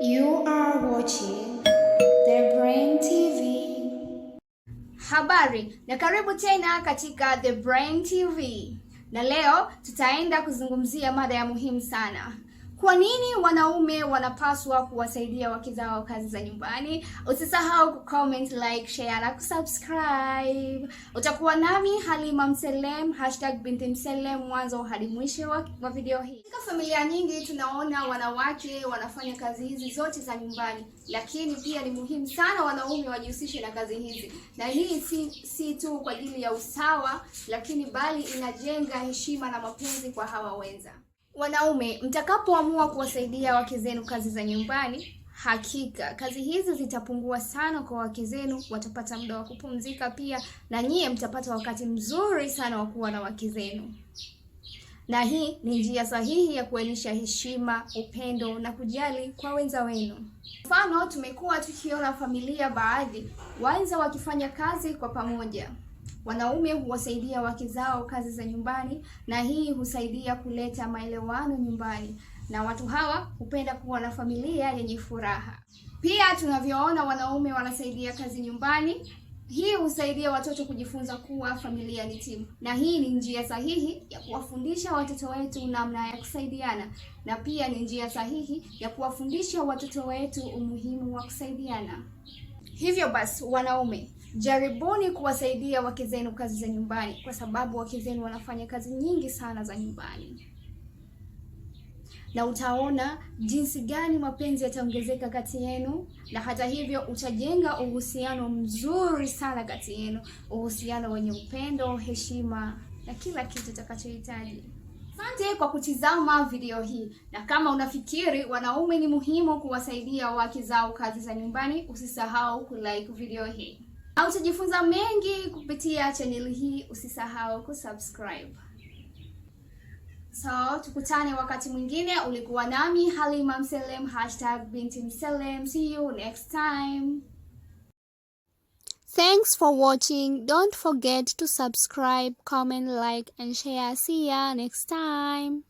You are watching The Brain TV. Habari na karibu tena katika The Brain TV. Na leo tutaenda kuzungumzia mada ya muhimu sana. Kwa nini wanaume wanapaswa kuwasaidia wake zao kazi za nyumbani? Usisahau comment, like, share na kusubscribe. Utakuwa nami Halima Mselem, hashtag binti Mselem mwanzo hadi mwisho wa video hii. Katika familia nyingi tunaona wanawake wanafanya kazi hizi zote za nyumbani, lakini pia ni muhimu sana wanaume wajihusishe na kazi hizi, na hii si, si tu kwa ajili ya usawa, lakini bali inajenga heshima na mapenzi kwa hawa wenza. Wanaume, mtakapoamua kuwasaidia wake zenu kazi za nyumbani, hakika kazi hizi zitapungua sana kwa wake zenu. Watapata muda wa kupumzika pia, na nyie mtapata wakati mzuri sana wa kuwa na wake zenu, na hii ni njia sahihi ya kuonyesha heshima, upendo na kujali kwa wenza wenu. Mfano, tumekuwa tukiona familia baadhi, wanza wakifanya kazi kwa pamoja Wanaume huwasaidia wake zao kazi za nyumbani, na hii husaidia kuleta maelewano nyumbani, na watu hawa hupenda kuwa na familia yenye furaha. Pia tunavyoona wanaume wanasaidia kazi nyumbani, hii husaidia watoto kujifunza kuwa familia ni timu, na hii ni njia sahihi ya kuwafundisha watoto wetu namna ya kusaidiana, na pia ni njia sahihi ya kuwafundisha watoto wetu umuhimu wa kusaidiana. Hivyo basi, wanaume Jaribuni kuwasaidia wake zenu kazi za nyumbani, kwa sababu wake zenu wanafanya kazi nyingi sana za nyumbani, na utaona jinsi gani mapenzi yataongezeka kati yenu, na hata hivyo utajenga uhusiano mzuri sana kati yenu, uhusiano wenye upendo, heshima na kila kitu utakachohitaji. Asante kwa kutizama video hii, na kama unafikiri wanaume ni muhimu kuwasaidia wake zao kazi za nyumbani, usisahau kulike video hii au utajifunza mengi kupitia chaneli hii. Usisahau kusubscribe. So tukutane wakati mwingine. Ulikuwa nami Halima Mselem, hashtag binti Mselem. See you next time. Thanks for watching. Don't forget to subscribe, comment, like and share. See ya next time.